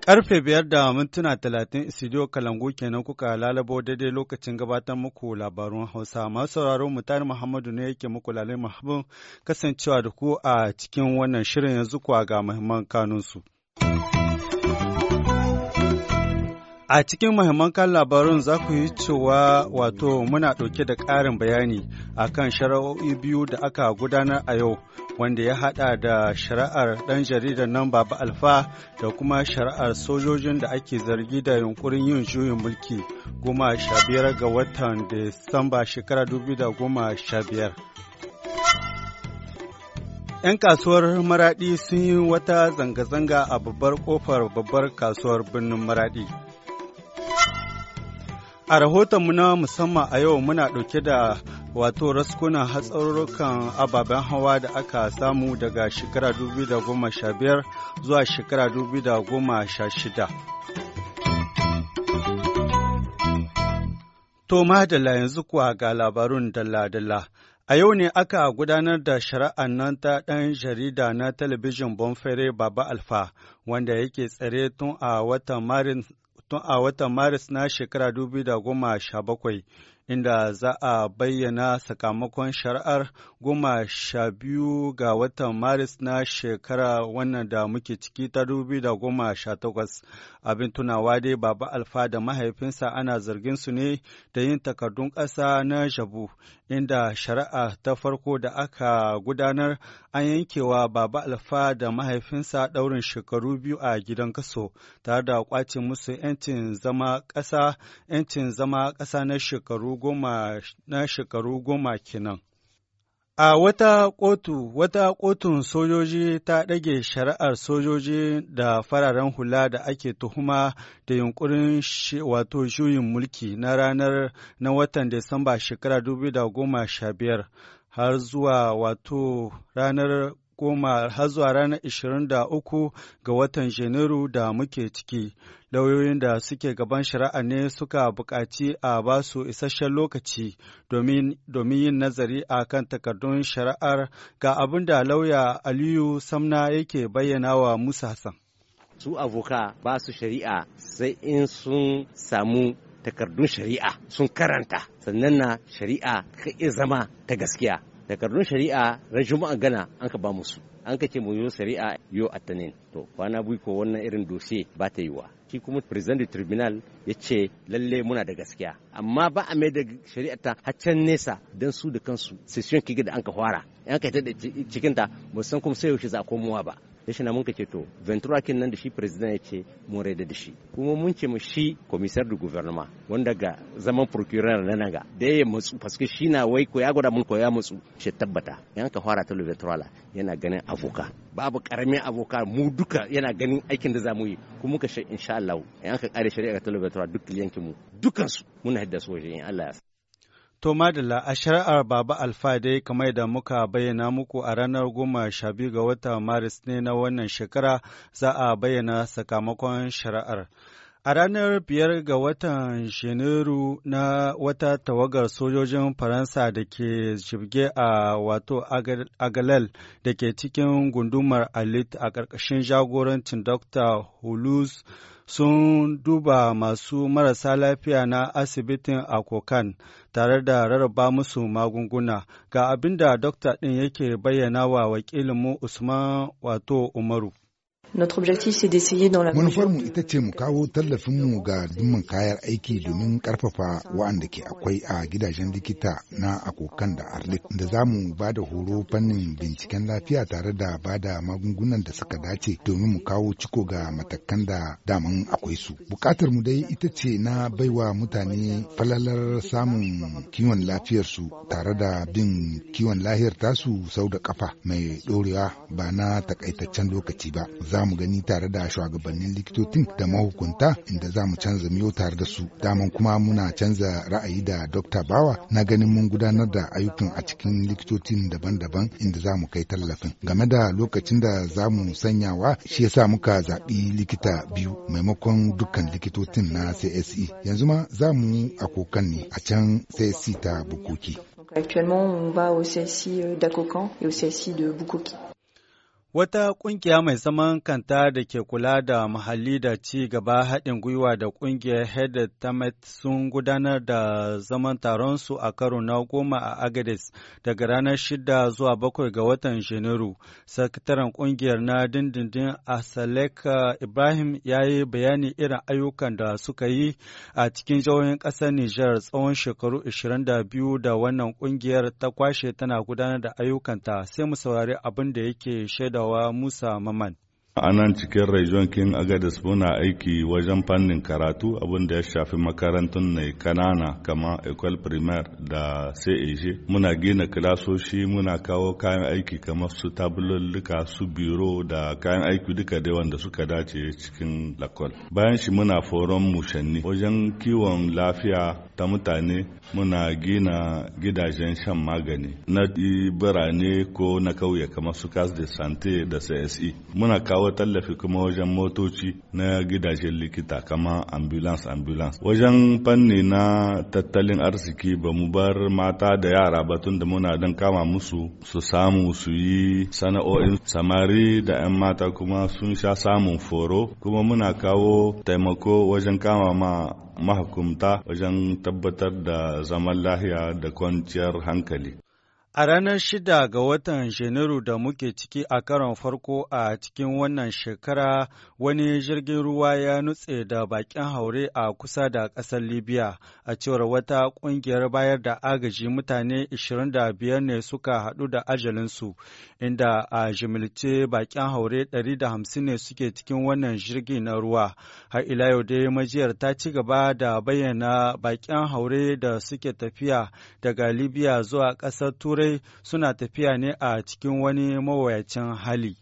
karfe biyar da mintuna talatin studio kalangu kenan kuka lalabo daidai lokacin gabatar muku labarun hausa masu sauraron mutane muhammadu ne yake muku lalai muhammadu kasancewa da ku a cikin wannan shirin yanzu kuwa ga muhimman kanunsu. A cikin mahimman kan labarun za ku yi cewa wato muna ɗauke da ƙarin bayani a kan shara'o'i biyu da aka gudanar a yau wanda ya haɗa da shari'ar ɗan jaridar nan Baba Alfa da kuma shari'ar sojojin da ake zargi da yunkurin yin juyin mulki goma sha biyar ga watan Disamba shekara dubu da goma sha biyar. 'Yan kasuwar Maraɗi sun yi wata zanga-zanga a babbar kofar babbar kasuwar birnin Maraɗi. A rahoton mu na musamman a yau muna ɗauke da wato raskunan hatsarurrukan ababen hawa da aka samu daga shekara 2015 zuwa shekara 2016. To madalla yanzu kuwa ga labarun dalla-dalla. A yau ne aka gudanar da shari'an nan ta ɗan jarida na talabijin Bonfere Baba Alfa, wanda yake tsare tun a watan Maris tun a watan Maris na shekara goma inda za a bayyana sakamakon shari'ar goma sha biyu ga watan Maris na shekara wannan da muke ciki ta goma Abin tunawa dai Baba Alfa da mahaifinsa ana zargin su ne da yin takardun ƙasa na jabu, inda shari'a ta farko da aka gudanar an yankewa Baba Alfa da mahaifinsa daurin shekaru biyu a gidan kaso, tare da kwacin musu 'yancin zama ƙasa, 'yancin zama ƙasa na shekaru goma kenan. A wata kotu, wata kotun sojoji ta ɗage shari'ar sojoji da fararen hula da ake tuhuma da yunkurin wato juyin mulki na ranar na watan Disamba shekara 2015 har zuwa wato ranar koma har zuwa ranar 23 ga watan Janairu da muke ciki. Lauyoyin da suke gaban shari'a ne suka buƙaci a ba su isasshen lokaci domin yin nazari a kan takardun shari'ar ga abin da lauya Aliyu Samna yake bayyana wa Musa Hassan. Su avoka ba su shari'a sai in sun samu takardun shari'a sun karanta sannan na shari'a ka zama ta gaskiya takardun shari'a ran juma'a gana an ka ba musu an ka ce mu yo shari'a yo tanin to kwana biyu ko wannan irin dosiye ba ta yiwa shi kuma president da tribunal ya ce lalle muna da gaskiya amma ba a mai da shari'a ta haccan nesa don su da kansu session kiga da an ka fara an ka ta da cikinta ba kuma sai yaushe za a komowa ba da shi na mun ce to ventura kin nan da shi president ya ce mun raida da shi kuma mun ce mu shi commissaire du gouvernement wanda ga zaman procureur na nan ga da ya matsu paske shi na wai ko ya gwada mun ko ya matsu shi tabbata yan ka fara ta ventura yana ganin avoka babu karamin avoka mu duka yana ganin aikin da zamu yi kuma muka sha insha Allah yan ka kare shari'a ta ventura duk yankin mu dukansu muna hidda su waje in Allah ya To madalla a shari'ar Baba Alfa kamar da muka bayyana muku a ranar goma sha biyu ga watan Maris ne na wannan shekara za a bayyana sakamakon shari'ar. A ranar biyar ga watan Janairu na wata tawagar sojojin Faransa da ke shirge a wato Agalal da ke cikin gundumar Alit a ƙarƙashin jagorancin Dr. Hulus sun duba masu marasa lafiya na asibitin Akokan tare da rarraba musu magunguna. Ga abin da dokta ɗin yake bayyana wa wakilinmu Usman wato Umaru. Manufarmu ita ce mu kawo tallafinmu ga dimman kayan aiki domin karfafa wa'anda ke akwai a gidajen likita na akokan da arlit da za mu ba da horo fannin binciken lafiya tare da ba da magungunan da suka dace domin mu kawo ciko ga matakan da daman akwai su. Bukatar mu dai ita ce na baiwa mutane falalar samun kiwon lafiyarsu tare da bin kiwon lahiyar tasu sau da kafa mai dorewa ba na takaitaccen lokaci ba. za mu gani tare da shugabannin likitocin da mahukunta inda za mu canza miyo tare da su daman kuma muna canza ra'ayi da Dr. Bawa na ganin mun gudanar da ayyukan a cikin likitocin daban-daban inda za mu kai tallafin game da lokacin da za mu sanyawa shi yasa muka zaɓi likita biyu maimakon dukkan likitocin na CSE yanzu ma za mu a ne a can CSE ta Bukoki. Actuellement, on va au CSI euh, d'Akokan et au CSI de Bukoki. Wata ƙungiya mai zaman kanta da ke kula da muhalli da ci gaba haɗin gwiwa da ƙungiyar Head Tamet sun gudanar da zaman taron su a karo na goma a Agadez daga ranar shida zuwa bakwai ga watan Janairu. Sakataren ƙungiyar na dindindin Asalek eh, Ibrahim ya yi bayani irin ayyukan da suka yi a cikin jihohin ƙasar Nijar tsawon shekaru 22 da wannan ƙungiyar ta kwashe tana gudanar da ayyukanta sai mu saurari abin da yake shaida Tawa Musa Maman. a nan cikin region king agadis muna aiki wajen fannin karatu abinda ya shafi makarantun ne kanana kama ecole primaire da cag e muna gina kilasoshi muna kawo kayan aiki kamar su tabulolluka su biro da kayan aiki duka dai wanda suka dace cikin lakol bayan shi muna foron mushanni wajen kiwon lafiya ta mutane muna gina gidajen shan magani na birane ko na kauye kamar su cas de sante da cse muna kawo tallafi kuma wajen motoci na gidajen likita kama ambulance ambulance wajen fanni na tattalin arziki ba mu bar mata da yara ba tun da muna don kama musu su samu su yi sana'o'in samari da 'yan mata kuma sun sha samun foro kuma muna kawo taimako wajen kama ma mahukumta wajen tabbatar da zaman lahiya da kwanciyar hankali A ranar shida ga watan Janairu da muke ciki a karon farko a cikin wannan shekara wani jirgin ruwa ya nutse da bakin haure a kusa da ƙasar Libya. A cewar wata ƙungiyar bayar da agaji mutane 25 ne suka haɗu da ajalinsu, inda a jimilce bakin haure 150 ne suke cikin wannan jirgin na ruwa. Har ila yau dai majiyar ta ci gaba da bayyana bakin haure da suke tafiya daga Libya zuwa ƙasar Turai dai suna tafiya ne a cikin wani mawayacin hali.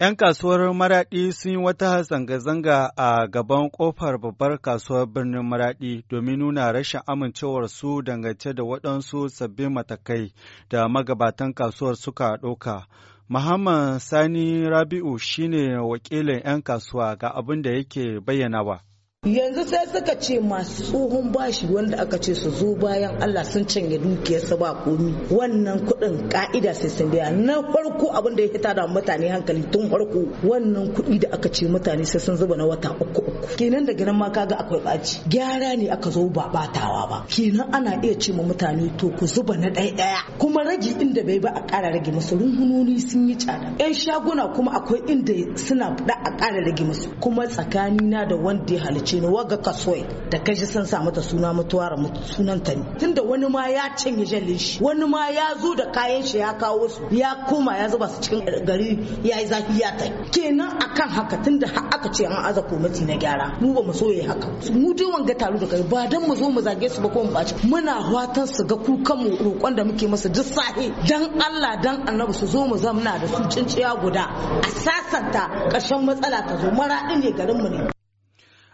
'Yan kasuwar Maraɗi sun yi wata zanga-zanga a gaban ƙofar babbar kasuwar birnin Maraɗi domin nuna rashin amincewar su dangance da waɗansu sabbin matakai da magabatan kasuwar suka ɗauka. Muhammad Sani Rabi'u shine wakilin 'yan kasuwa ga abin da yake bayyanawa. yanzu sai suka ce masu tsohon bashi wanda aka ce su zo bayan Allah sun canye dukiyarsa ba komi wannan kuɗin ka'ida sai sun biya na farko abin da ya hita da mutane hankali tun farko wannan kuɗi da aka ce mutane sai sun zuba na wata uku uku kenan daga nan ma kaga akwai ɓaci gyara ne aka zo ba batawa ba kenan ana iya ce ma mutane to ku zuba na ɗaya ɗaya kuma ragi inda bai ba a ƙara rage musu runhunoni sun yi tsada yan shaguna kuma akwai inda suna da a ƙara rage musu kuma tsakanina da wanda ya halicci makwabci ne waga kasoi da kashi sun sa mata suna mutuwar sunan ta ne tunda wani ma ya cinye jallin shi wani ma ya zo da kayan shi ya kawo su ya koma ya zuba su cikin gari ya yi zafi ya ta kenan akan haka tunda aka ce an aza komiti na gyara mu ba mu so yi haka mu dai wanga taro da kai ba dan mu zo mu zage su ba ko mu baci muna fatan su ga kukan mu roƙon da muke masa duk sahi dan Allah dan Annabi su zo mu zamna da su cinciya guda a sasanta karshen matsala ta zo maraɗi ne garin mu ne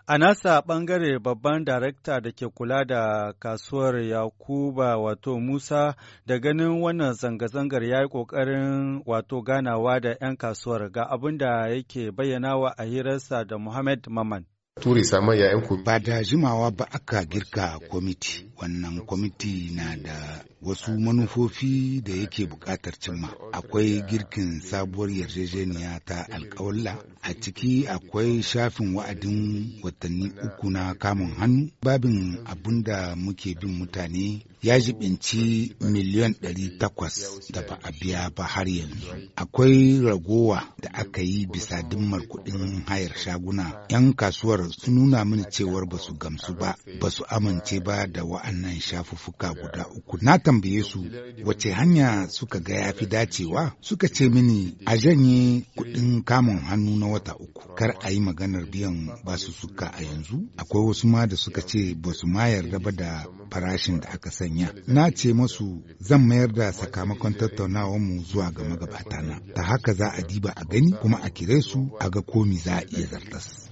A nasa ɓangare babban darakta da ke kula da kasuwar Yakuba wato Musa da ganin wannan zanga-zangar ya yi ƙoƙarin wato ganawa da 'yan kasuwar ga abin da yake bayyanawa a hirarsa da Muhammad Maman. ture ya ba da jimawa ba aka girka kwamiti wannan kwamiti na da wasu manufofi da yake buƙatar cimma akwai girkin sabuwar yarjejeniya ta alƙawalla a ciki akwai shafin wa'adin watanni uku na kamun hannu babin abin da muke bin mutane ya jibinci miliyan takwas da ba a biya ba har yanzu akwai ragowa da aka yi bisa dimmar kuɗin hayar shaguna 'yan kasuwar su nuna mini cewar ba su gamsu ba ba su amince ba da wa'annan shafuffuka guda uku na tambaye su wace hanya suka ga ya fi dacewa suka ce mini a janye kuɗin kamun hannu na wata uku kar a yi maganar biyan ba su suka a yanzu akwai wasu ma da suka ce ba su ma yarda ba da farashin da aka sanya na ce masu zan mayar da sakamakon tattaunawar mu zuwa ga magabata na ta haka za a diba a gani kuma a kire su a ga komi za a iya zartas.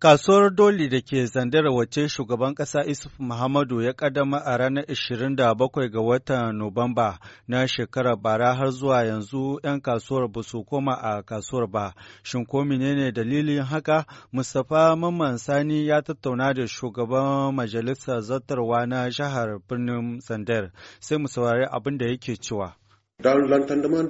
Kasuwar Doli da ke Zandar wace shugaban ƙasa Isuf Muhammadu ya ƙaddama a ranar 27 ga watan Nuwamba na shekarar bara har zuwa yanzu 'yan kasuwar ba su koma a kasuwar ba. Shin ko menene dalilin haka? Mustapha Mamman Sani ya tattauna da shugaban majalisar zartarwa na jihar birnin Zandar. Sai mu saurari abin da yake cewa.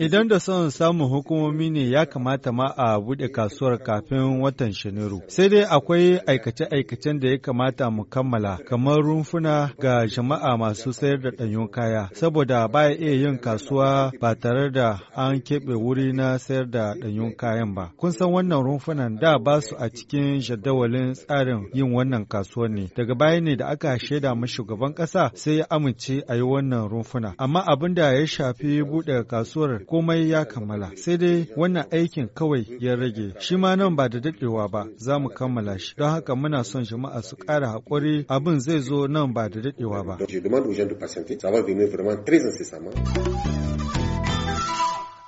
Idan da son samun hukumomi ne ya kamata ma a buɗe kasuwar kafin watan Janairu. Sai dai akwai aikace-aikacen da ya kamata mu kammala, kamar rumfuna ga jama'a masu sayar da ɗanyun kaya, saboda ya iya yin kasuwa ba tare da an keɓe wuri na sayar da ɗanyun kayan ba. Kun san wannan rumfunan da ba su a cikin jadawalin tsarin yin wannan kasuwar ne. Daga baya ne da aka shaida mu shugaban ƙasa sai ya amince a yi wannan rumfuna. Amma abin da ya shafi buɗe kasuwar komai ya kammala sai dai wannan aikin kawai ya rage shi ma nan ba da daɗewa ba za mu kammala shi don haka muna son jama'a su kara haƙuri abin zai zo nan ba da daɗewa ba.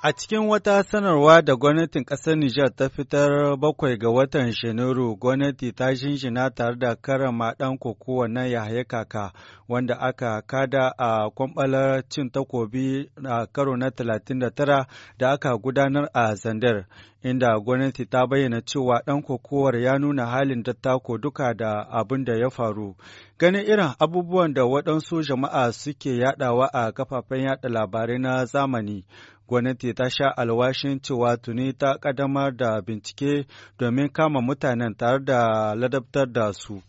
A cikin wata sanarwa da gwamnatin ƙasar Nijar ta fitar bakwai ga watan Janairu, gwamnati ta shinshina tare da karama ɗan kokowa na Yahaya Kaka, wanda aka kada a kwamɓalar cin takobi a karo na 39 da aka gudanar a Zandar, inda gwamnati ta bayyana cewa ɗan kokowar ya nuna halin dattako duka da abin da ya faru. Ganin irin abubuwan da waɗansu jama'a suke yaɗawa a kafafen yaɗa labarai na zamani, Gwamnati ta sha alwashin cewa tuni ta ƙaddamar da bincike domin kama mutanen tare da ladabtar da su.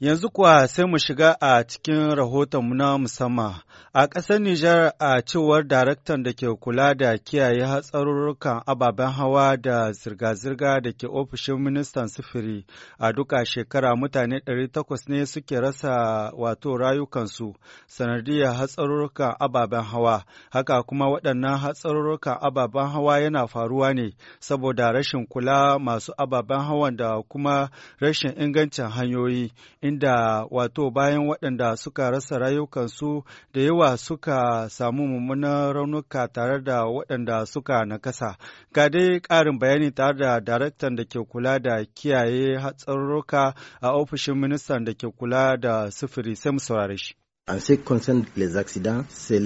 Yanzu kuwa sai mu shiga a cikin rahoton rahotonmu na musamman. A ƙasar Nijar a cewar daraktan da ke kula da kiyaye hatsarurrukan ababen hawa da zirga-zirga da ke ofishin ministan sufuri a duka shekara mutane 800 ne suke rasa wato rayukansu sanadiyar hatsarurrukan ababen hawa. Haka kuma waɗannan hatsarurrukan ababen hawa yana faruwa ne saboda rashin kula masu ababen hawan da kuma rashin ingancin hanyoyi. inda wato bayan waɗanda suka rasa rayukansu da yawa suka samu mummunan raunuka tare da waɗanda suka nakasa. Ga dai ƙarin bayani tare da daraktan da ke kula da kiyaye hatsarurruka a ofishin ministan da ke kula da sufuri sai mu saurare shi. An sai concerne les accidents, c'est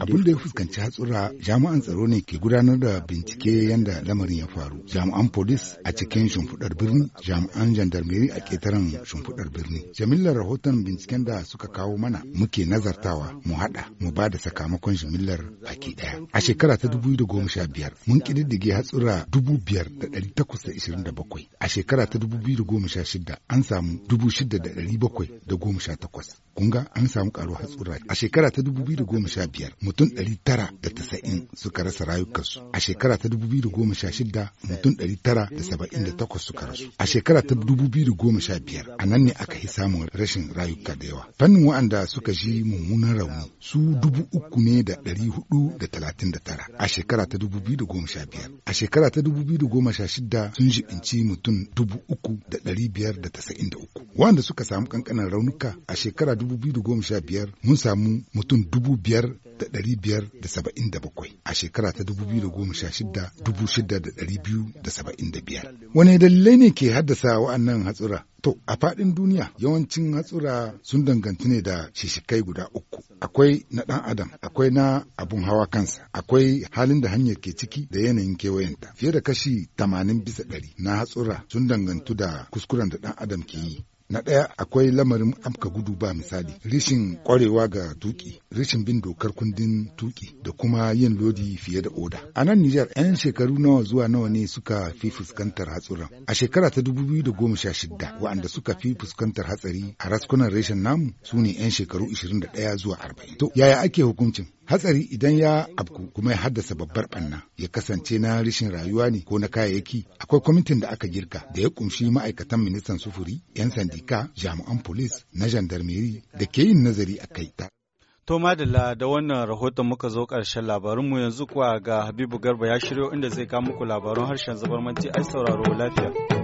Abin da ya fuskanci hatsura jami'an tsaro ne ke gudanar da bincike yadda lamarin ya faru. Jami'an polis a cikin shimfiɗar birni, jami'an jandarmeri a ƙetaren shimfiɗar birni. jamillar rahoton binciken da suka kawo mana muke nazartawa mu haɗa mu ba da sakamakon jimillar baki ɗaya. A shekara ta biyar mun ƙididdige hatsura bakwai. A shekara ta 2016 an samu takwas. kun ga an samu karo hatsura a shekara ta 2015 mutum 990 suka rasa rayukansu a shekara ta 2016 mutum 978 suka rasu a shekara ta 2015 a nan ne aka yi samun rashin rayuka da yawa fannin waɗanda suka ji mummunan rauni su dubu uku ne da ɗari hudu da talatin da tara a shekara ta dubu biyu da goma sha biyar a shekara ta dubu biyu da goma sha sun jibinci mutum dubu uku da ɗari biyar da tasa'in da uku wanda suka samu kankanin raunuka a shekara dubu 2015 mun samu mutum 5,577 a shekara ta da biyar. Wani dalilai ne ke haddasa wa'annan hatsura? To, a faɗin duniya yawancin hatsura sun danganci ne da shishikai guda uku. Akwai na ɗan adam, akwai na abun hawa kansa, akwai halin da hanyar ke ciki da yanayin kewayenta. Fiye da kashi tamanin bisa ɗari na hatsura sun dangantu da kuskuren da ɗan adam ke yi Na ɗaya akwai lamarin amka gudu ba misali, rishin ƙwarewa ga tuƙi, rishin bin dokar kundin tuƙi da kuma yin lodi fiye da oda. A nan Nijar 'yan shekaru nawa zuwa nawa ne suka fi fuskantar hatsuran. A shekara ta 2016 wa'anda suka fi fuskantar hatsari a raskunan reshen namu su ne 'yan shekaru 21 zuwa 40. To yaya ake hukuncin? Hatsari idan ya abu kuma ya haddasa babbar banna ya kasance na rashin rayuwa ne ko na kayayyaki akwai kwamitin da aka girka da ya kumshi ma'aikatan ministan sufuri, 'yan sandika, jami'an polis na jandarmeri da ke yin nazari a kai ta. To madalla da wannan rahoton muka zo karshen labarinmu yanzu kuwa ga Habibu Garba ya shiryo inda zai kawo muku labaran harshen zabarmanci ai sauraro lafiya.